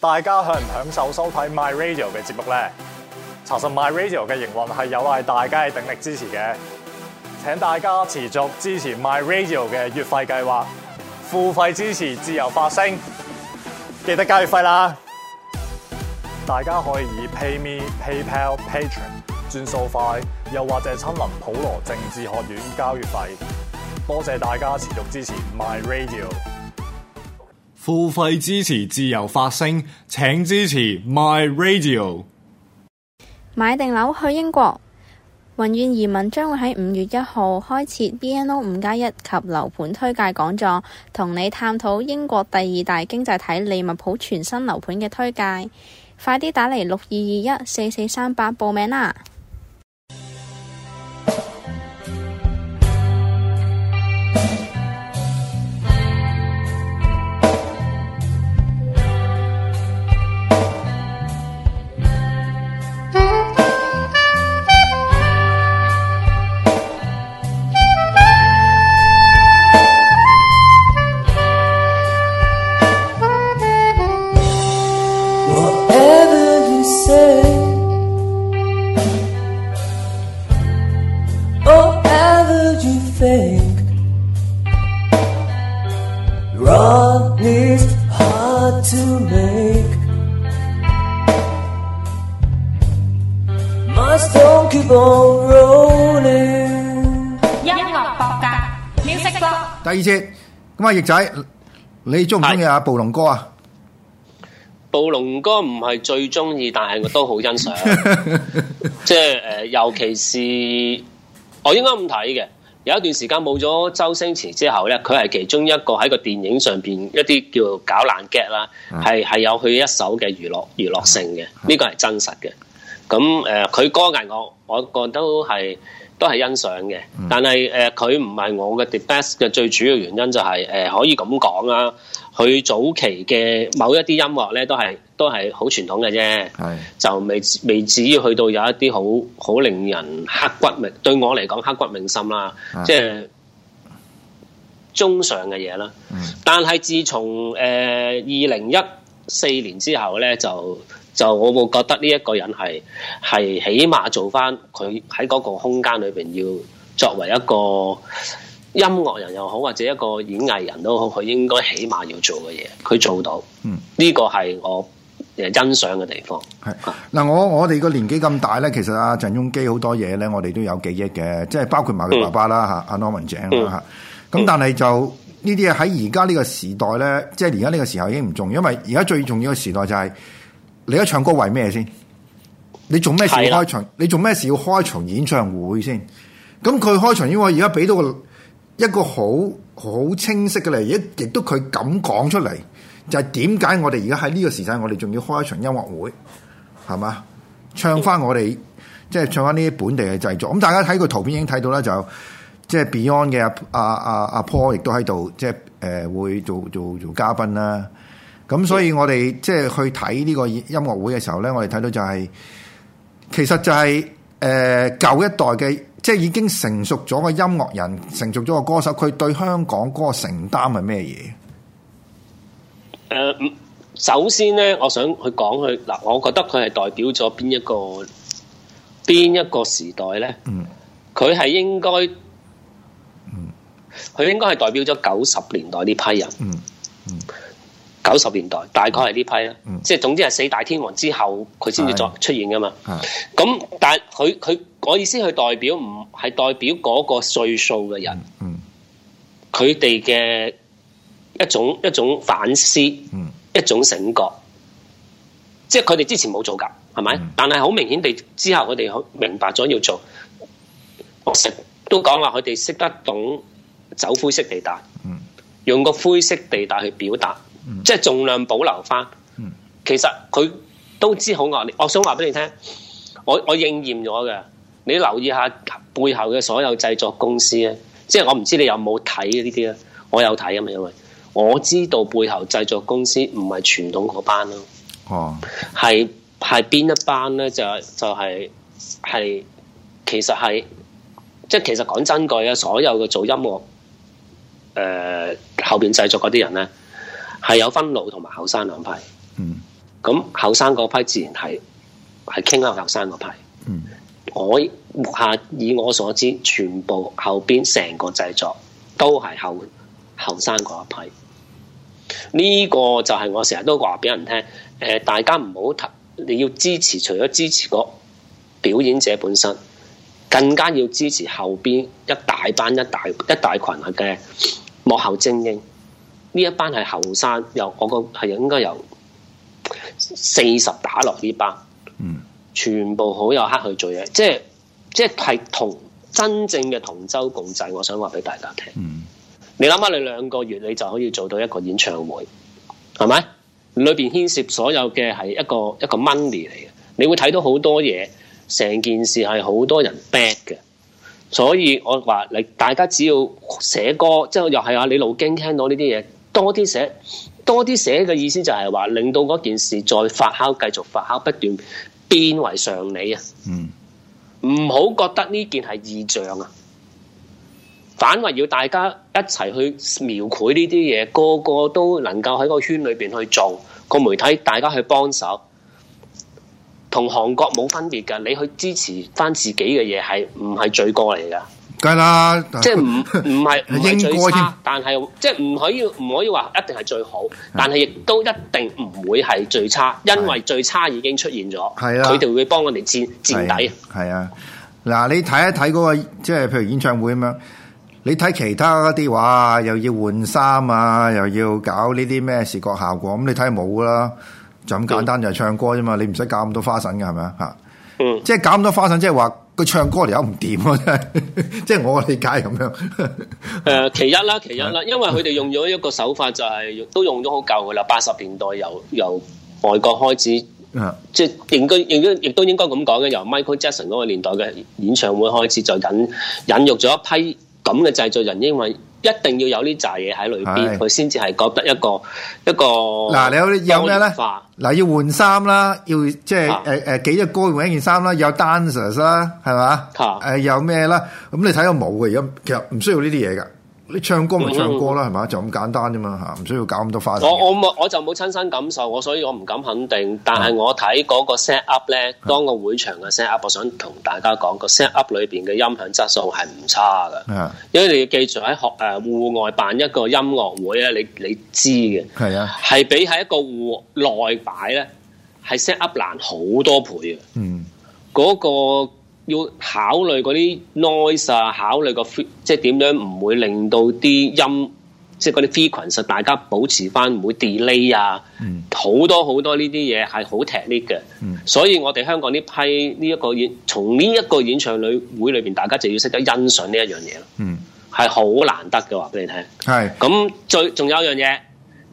大家享唔享受收睇 My Radio 嘅節目咧？查實 My Radio 嘅營運係有賴大家嘅鼎力支持嘅，請大家持續支持 My Radio 嘅月費計劃，付費支持自由發聲，記得交月費啦！大家可以以 PayMe、PayPal、Patreon 轉數快，又或者親臨普羅政治學院交月費。多謝大家持續支持 My Radio。付費支持自由發聲，請支持 My Radio。買定樓去英國，雲願移民將會喺五月一號開設 B N O 五加一及樓盤推介講座，同你探討英國第二大經濟體利物浦全新樓盤嘅推介。快啲打嚟六二二一四四三八報名啦！第二節。咁啊，翼仔，你中唔中意啊？暴龍哥啊？暴龍哥唔係最中意，但係我都好欣賞。 即係誒、呃，尤其是我應該咁睇嘅，有一段時間冇咗周星馳之後咧，佢係其中一個喺個電影上邊一啲叫搞爛 gag 啦，係係有佢一手嘅娛樂娛樂性嘅，呢、這個係真實嘅。咁、嗯、誒，佢、呃、歌藝我我覺都係。都係欣賞嘅，但係誒佢唔係我嘅 debate 嘅最主要原因就係、是、誒、呃，可以咁講啦，佢早期嘅某一啲音樂咧都係都係好傳統嘅啫，是的 就未未至於去到有一啲好好令人刻骨銘對我嚟講刻骨銘心啦，即係是的 中上嘅嘢啦。是的 但係自從誒二零一四年之後咧就。就我會覺得呢一個人係係起碼做翻佢喺嗰個空間裏邊，要作為一個音樂人又好，或者一個演藝人都好，佢應該起碼要做嘅嘢，佢做到。嗯，呢個係我欣賞嘅地方。係嗱、嗯，我我哋個年紀咁大咧，其實阿鄭中基好多嘢咧，我哋都有記憶嘅，即係包括埋佢爸爸啦嚇，阿 Norman 鄭啦嚇，咁但係就呢啲嘢喺而家呢個時代咧，即係而家呢個時候已經唔重要，因為而家最重要嘅時代就係、是。你而家唱歌為咩先？你做咩事要開場？的你做咩事要開場演唱會先？咁佢開場音樂會而家俾到個一個好好清晰嘅嚟，亦都佢咁講出嚟，就係點解我哋而家喺呢個時陣，我哋仲要開一場音樂會，係嘛？唱翻我哋即係唱翻呢啲本地嘅製作。咁大家睇個圖片已經睇到，就是啊啊啊啊就是呃、啦，就即係 Beyond 嘅阿阿阿阿 Paul 亦都喺度，即係誒會做做做嘉賓啦。咁、嗯、所以我，我哋即係去睇呢個音樂會嘅時候咧，我哋睇到就係、是，其實就係、是、誒，舊、呃、一代嘅，即係已經成熟咗嘅音樂人，成熟咗嘅歌手，佢對香港嗰個承擔係咩嘢？誒、呃，首先咧，我想去講佢，嗱，我覺得佢係代表咗邊一個邊一個時代咧。嗯，佢係應該，嗯，佢應該係代表咗九十年代呢批人。嗯。九十年代大概係呢批啦，嗯、即係總之係四大天王之後佢先至再出現噶嘛。咁、嗯嗯、但係佢佢我意思佢代表唔係代表嗰個歲數嘅人，佢哋嘅一種一種反思，嗯、一種醒覺，即係佢哋之前冇做噶，係咪？嗯、但係好明顯地之後佢哋好明白咗要做，都講話佢哋識得懂走灰色地帶，用個灰色地帶去表達。即係盡量保留翻，其實佢都知好惡劣。我想話俾你聽，我我應驗咗嘅。你留意下背後嘅所有製作公司咧，即係我唔知你有冇睇呢啲咧，我有睇啊嘛。因為我知道背後製作公司唔係傳統嗰班咯，哦，係係邊一班咧？就就就係係其實係即係，其實講真句啊，所有嘅做音樂誒、呃、後邊製作嗰啲人咧。係有分老同埋後生兩批。嗯，咁後生嗰批自然係係傾喺後生嗰批，嗯，我下以我所知，全部後邊成個製作都係後後生嗰一批，呢、這個就係我成日都話俾人聽，誒、呃，大家唔好投，你要支持，除咗支持個表演者本身，更加要支持後邊一大班、一大一大群嘅幕後精英。呢一班係後生，又我覺係應該由四十打落呢班，嗯，全部好有黑去做嘢，即係即係同真正嘅同舟共濟。我想話俾大家聽，嗯，你諗下，你兩個月你就可以做到一個演唱會，係咪？裏邊牽涉所有嘅係一個一個 money 嚟嘅，你會睇到好多嘢，成件事係好多人 bad 嘅，所以我話你大家只要寫歌，即係又係啊，你老經聽到呢啲嘢。多啲寫，多啲寫嘅意思就係話，令到嗰件事再發酵，繼續發酵，不斷變為常理啊！嗯，唔好覺得呢件係異象啊，反為要大家一齊去描繪呢啲嘢，個個都能夠喺個圈裏邊去做，個媒體大家去幫手，同韓國冇分別噶，你去支持翻自己嘅嘢係唔係罪過嚟噶？梗啦國，即係唔唔係唔係最差，但係即係唔可以唔可以話一定係最好，是的 但係亦都一定唔會係最差，因為最差已經出現咗，佢哋是的 會幫我哋墊墊底。係啊，嗱，你睇一睇嗰，那個即係譬如演唱會咁樣，你睇其他一啲話，又要換衫啊，又要搞呢啲咩視覺效果，咁，嗯嗯、你睇冇啦，就咁簡單就係、是、唱歌啫嘛，你唔使搞咁多花神噶係咪啊？吓，嗯、即係搞咁多花神，即係話。佢唱歌嚟又唔掂啊，即 係我理解咁樣。誒 ，其一啦，其一啦，因為佢哋用咗一個手法，就是，就係都用咗好舊噶啦。八十年代由由外國開始， 即係應該應該亦都應該咁講嘅，由 Michael Jackson 嗰個年代嘅演唱會開始，就引引入咗一批咁嘅製作人，因為。一定要有呢扎嘢喺裏邊，佢先至係覺得一個一個。嗱，你有有咩咧？嗱，要換衫啦，要即係誒誒，幾隻歌換一件衫啦，要有 dancers 啦，係嘛？誒的，有咩啦？咁你睇下冇嘅，而家其實唔需要呢啲嘢噶。你唱歌咪唱歌啦，係咪，嗯？就咁簡單啫嘛嚇，唔需要搞咁多花樣。我我冇我就冇親身感受，我所以我唔敢肯定。但係我睇嗰個 set up 咧，當個會場嘅 set up，嗯、我想同大家講個 set up 裏邊嘅音響質素係唔差嘅。嗯、因為你要記住喺學誒戶外辦一個音樂會咧，你你知嘅係啊，係比喺一個戶內擺咧係 set up 難好多倍嘅。嗯，嗰、那個。要考慮嗰啲 noise 啊，考慮個即係點樣唔會令到啲音，即係嗰啲 frequency 大家保持翻唔會 delay 啊，好、嗯、多好多呢啲嘢係好 technical 嘅，嗯、所以我哋香港呢批呢一個演，從呢一個演唱會裏邊，大家就要識得欣賞呢一樣嘢咯，係好、嗯、難得嘅話俾你聽。係咁是的，最仲有一樣嘢，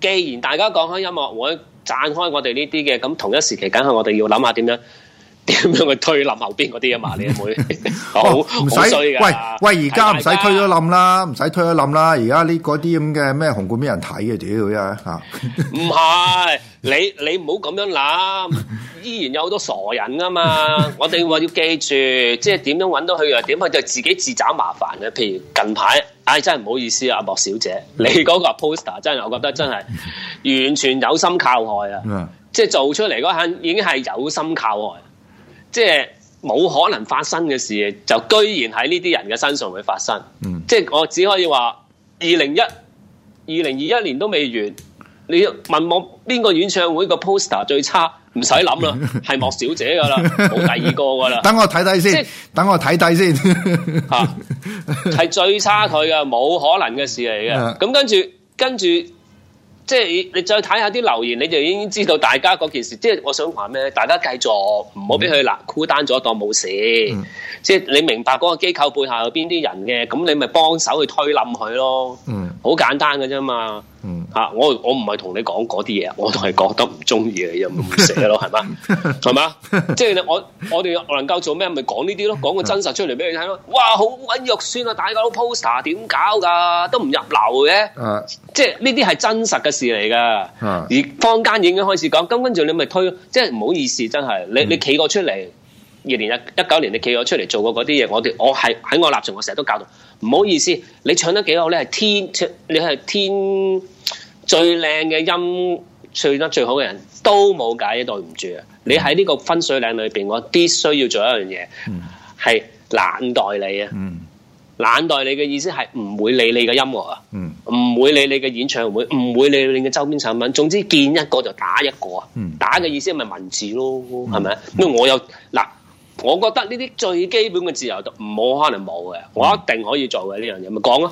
既然大家講開音樂會，贊開我哋呢啲嘅，咁同一時期梗係我哋要諗下點樣。點樣去推冧後邊嗰啲啊嘛？你阿妹，好唔使？喂喂，而家唔使推咗冧啦，唔使推咗冧啦！而家呢啲咁嘅咩紅館，畀人睇嘅？屌呀吓！唔係你，你唔好咁樣諗，依然有好多傻人啊嘛！ 我哋話要記住，即係點樣搵到佢啊？點去就自己自找麻煩嘅。譬如近排，唉、哎，真係唔好意思啊，莫小姐，你嗰個 poster 真係，我覺得真係 完全有心靠害啊！ 即係做出嚟嗰下已經係有心靠害。即係冇可能發生嘅事，就居然喺呢啲人嘅身上會發生。嗯、即係我只可以話，二零一二零二一年都未完，你問我邊個演唱會個 poster 最差，唔使諗啦，係莫小姐噶啦，冇 第二個噶啦。等我睇睇先，等是我睇睇先，吓 係、啊、最差佢嘅冇可能嘅事嚟嘅。咁 跟住，跟住。即係你，再睇下啲留言，你就已經知道大家嗰件事。即係我想話咩？大家繼續唔好俾佢嗱孤單咗，當冇事。嗯，即係你明白嗰個機構背後有邊啲人嘅，咁你咪幫手去推冧佢咯。嗯，嗯。嗯，好簡單㗎啫嘛。嗯。啊！我我唔係同你講嗰啲嘢，我都係覺得唔中意嘅，又唔寫咯，係嘛？係嘛？即係我我哋能夠做咩？咪講呢啲咯，講個真實出嚟俾你睇咯。哇！好撚肉酸啊！大家都 poster 點搞噶？都唔入流嘅。Uh, 即係呢啲係真實嘅事嚟噶。Uh, 而坊間已經開始講，跟跟住你咪推，即係唔好意思，真係你你企過出嚟。Uh, 嗯二年一一九年你企我出嚟做過嗰啲嘢，我哋我係喺我立場，我成日都教導。唔好意思，你唱得幾好咧，係天你係天最靚嘅音唱得最，最好嘅人都冇解，對唔住啊！你喺呢個分水嶺裏邊，我必須要做一樣嘢，係冷待你啊！冷待你嘅意思係唔會理你嘅音樂啊，唔會理你嘅演唱會，唔會理你嘅周邊產品，總之見一個就打一個啊！打嘅意思係咪文字咯，係咪因為我有嗱。我覺得呢啲最基本嘅自由度唔好可能冇嘅，我一定可以做嘅呢樣嘢，咪講咯。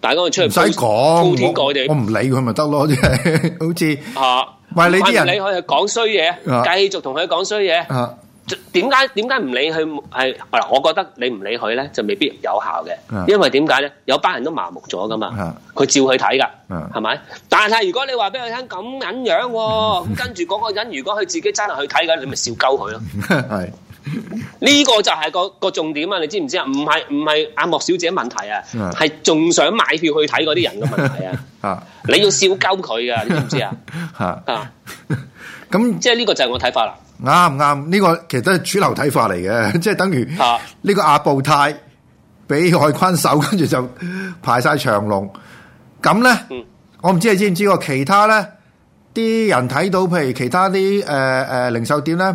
大家我出去唔使講，鋪天蓋地，我唔理佢咪得咯，即係好似吓。唔係你啲人理佢係講衰嘢，繼續同佢講衰嘢。點解點解唔理佢係嗱？我覺得你唔理佢咧，就未必有效嘅。因為點解咧？有班人都麻木咗噶嘛，佢照去睇噶，係咪？但係如果你話俾佢聽咁撚樣，跟住嗰個人如果佢自己真係去睇嘅，你咪笑鳩佢咯。係。呢 個就係個個重點啊！你知唔知 matter, 啊？唔係唔係阿莫小姐問題啊，係 仲樂、哎、想買票去睇嗰啲人嘅問題啊！啊， 你要笑鳩佢啊，你知唔知啊？啊 咁即係呢個就係我睇法啦。啱唔啱？呢個其實都係主流睇法嚟嘅，即係等於呢個阿布泰俾海關手，跟住就排晒長龍。咁咧，我唔知你知唔知個其他咧，啲人睇到，譬如其他啲誒誒零售店咧。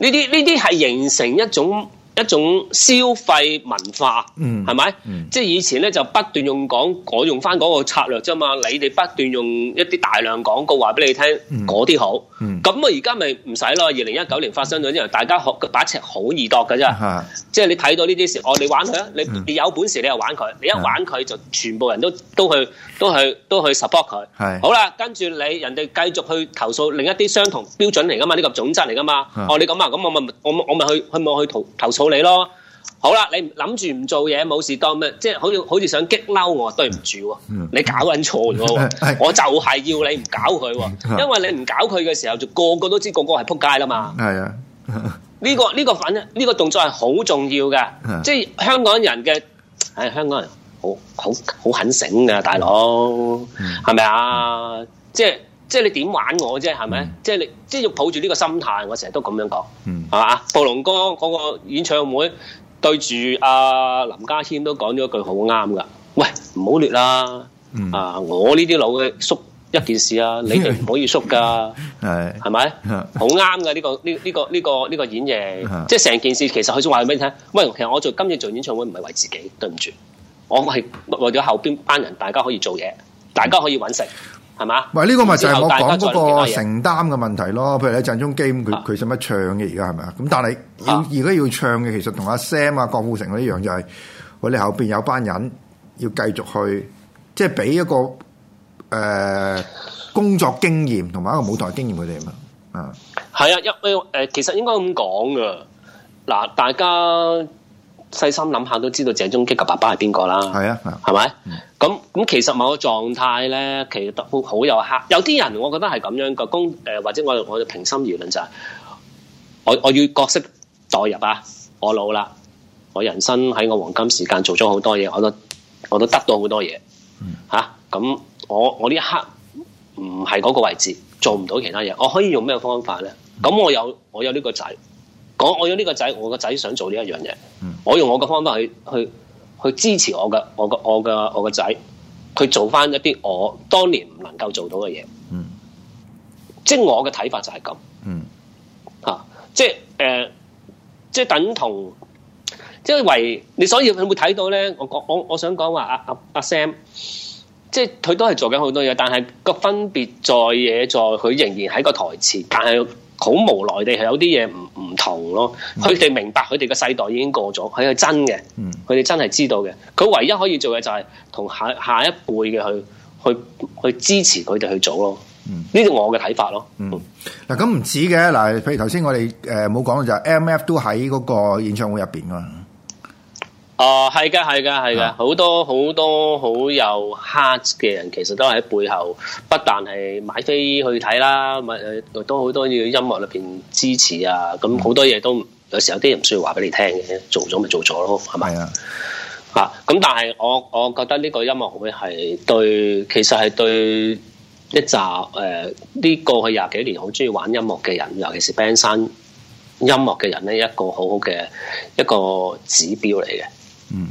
呢啲呢啲係形成一種。一種消費文化，嗯，係咪？即係以前咧就不斷用講，改用翻嗰個策略啫嘛。你哋不斷用一啲大量廣告話俾你聽，嗰啲好。嗯，咁我而家咪唔使咯。二零一九年發生咗之後，大家學個把尺好易度㗎啫。即係你睇到呢啲事，哦，你玩佢啊！你你有本事你又玩佢，你一玩佢就全部人都都去都去都去 support 佢。係，好啦，跟住你人哋繼續去投訴另一啲相同標準嚟㗎嘛？呢個總則嚟㗎嘛？哦，你咁啊，咁我咪我我咪去去我去投投訴。你咯，好啦，你諗住唔做嘢冇事，事當咩，即係好似好似想激嬲我，對唔住、啊，你搞緊錯咗， 我就係要你唔搞佢、啊，因為你唔搞佢嘅時候，就個個都知個個係撲街啦嘛。係啊、 這個，呢個呢個反呢個動作係好重要嘅， 即係香港人嘅，唉、哎，香港人好好好狠醒嘅大佬，係咪啊？即係。即係你點玩我啫？係咪、嗯？即係你即係要抱住呢個心態。我成日都咁樣講，係嘛、嗯啊？暴龍哥嗰個演唱會對住阿、啊、林家謙都講咗一句好啱噶。喂，唔好劣啦！嗯、啊，我呢啲老嘅縮一件事啊，你哋唔可以縮噶，係係咪？好啱噶呢個呢呢、這個呢、這個呢、這個演藝， 即係成件事其實佢仲話俾你聽。喂，其實我做今次做演唱會唔係為自己對唔住，我係為咗後邊班人大家可以做嘢，大家可以揾食。係嘛？唔係呢個，咪就係我講嗰個承擔嘅問題咯。譬如咧，鄭中基佢佢使乜唱嘅？而家係咪啊？咁但係要而家要唱嘅，其實同阿 Sam 啊、郭富城、就係、一樣，就係我哋後邊有班人要繼續去，即係俾一個誒、呃、工作經驗同埋一個舞台經驗佢哋啊。啊、呃、係、呃、啊，一誒其實應該咁講㗎嗱，大家。細心諗下都知道鄭中基嘅爸爸係邊個啦，係啊，係咪吧？咁咁、嗯、其實某個狀態咧，其實都好，好有刻。有啲人我覺得係咁樣嘅工，誒、呃、或者我我平心而論就係、是，我我要角色代入啊，我老啦，我人生喺我黃金時間做咗好多嘢，我都我都得到好多嘢，吓咁、嗯啊、我我呢一刻唔係嗰個位置，做唔到其他嘢，我可以用咩方法咧？咁、嗯、我有我有呢個仔。講我有呢個仔，我個仔想做呢一樣嘢。嗯、我用我嘅方法去去去支持我嘅我嘅我嘅我嘅仔，佢做翻一啲我當年唔能夠做到嘅嘢。嗯，即係我嘅睇法就係咁。嗯，嚇、啊，即係誒、呃，即係等同，即係為你。所以你會睇到咧，我我我想講話阿阿阿 Sam，即係佢都係做緊好多嘢，但係個分別在嘢在佢仍然喺個台前，但係。好無奈地係有啲嘢唔唔同咯，佢哋明白佢哋個世代已經過咗，佢係真嘅，佢哋真係知道嘅。佢唯一可以做嘅就係同下下一輩嘅去去去支持佢哋去做咯。嗯，呢啲我嘅睇法咯。嗯，嗱，咁唔止嘅，嗱，譬如頭先我哋誒冇講，就係 M F 都喺嗰個演唱會入邊噶。哦，係噶，係噶，係噶，好多，啊、好多好有 heart 嘅人，其實都喺背後，不但係買飛去睇啦，咪又多好多嘢音樂裏邊支持啊，咁好多嘢都，有時有啲嘢唔需要話俾你聽嘅，做咗咪做咗咯，係咪？啊，啊，咁但係我我覺得呢個音樂會係對，其實係對一集誒，呢、呃、過去廿幾年好中意玩音樂嘅人，尤其是 band sound 音樂嘅人咧，一個好好嘅一個指標嚟嘅。嗯，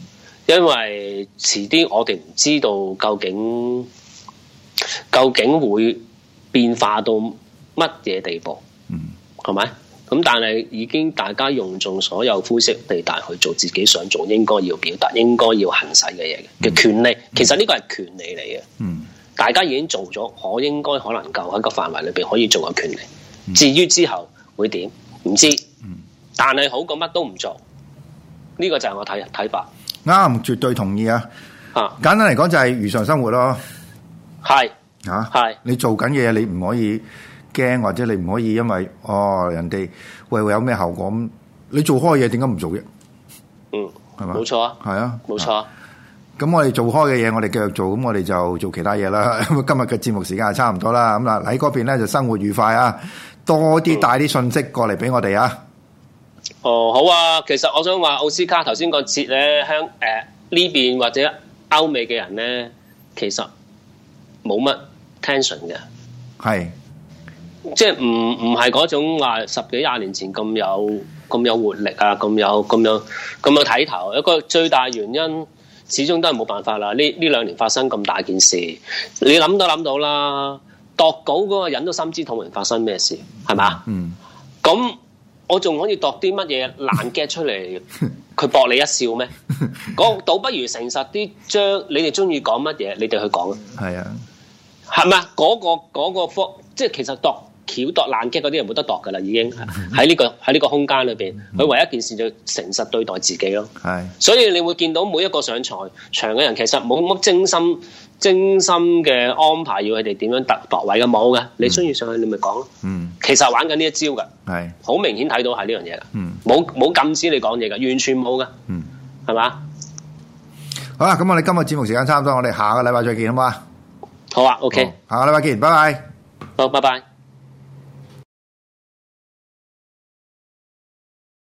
因為遲啲我哋唔知道究竟究竟會變化到乜嘢地步，嗯，係咪？咁但係已經大家用盡所有灰色地帶去做自己想做應該要表達、應該要行使嘅嘢嘅權利，嗯、其實呢個係權利嚟嘅，嗯，大家已經做咗可應該可能夠喺個範圍裏邊可以做嘅權利。至於之後會點唔知，嗯，但係好過乜都唔做。呢個就係我睇人睇法，啱、啊，絕對同意啊！啊，簡單嚟講就係如常生活咯，係是啊，係是你做緊嘢，你唔可以驚，或者你唔可以因為哦人哋會會有咩後果咁，你做開嘢點解唔做啫？嗯，係咪吧？冇錯，係啊，冇、啊、錯、啊。咁、啊、我哋做開嘅嘢，我哋繼續做。咁我哋就做其他嘢啦。咁 今日嘅節目時間係差唔多啦。咁、嗯、嗱，喺嗰邊咧就生活愉快啊！多啲帶啲信息過嚟俾我哋啊！嗯哦，好啊！其實我想話奧斯卡頭先個節咧，向誒呢邊或者歐美嘅人咧，其實冇乜 tension 嘅，係是即係唔唔係嗰種話、啊、十幾廿年前咁有咁有活力啊，咁有咁樣咁樣睇頭。一個最大原因，始終都係冇辦法啦。呢呢兩年發生咁大件事，你諗都諗到啦，度稿嗰個人都心知肚明發生咩事，係嘛？嗯，咁。我仲可以度啲乜嘢難 g 出嚟？佢 博你一笑咩？那個、倒不如誠實啲，將你哋中意講乜嘢，你哋去講咯。係啊， 係咪啊？嗰、那個科，即係其實度巧度難 g 嗰啲人冇得度噶啦，已經喺呢、這個喺呢個空間裏邊，佢 唯一件事就誠實對待自己咯。係， 所以你會見到每一個上台場嘅人，其實冇乜精心。精心嘅安排要佢哋點樣突駁位嘅冇嘅，嗯、你鍾意上去你咪講咯。嗯，其實玩緊呢一招嘅，係好的明顯睇到係呢樣嘢嘅。嗯，冇冇禁止你講嘢嘅，完全冇嘅。嗯，係嘛吧？好啦，咁我哋今日節目時間差唔多，我哋下個禮拜再見好嘛？好，好啊，OK，好下個禮拜見，拜拜。好，拜拜。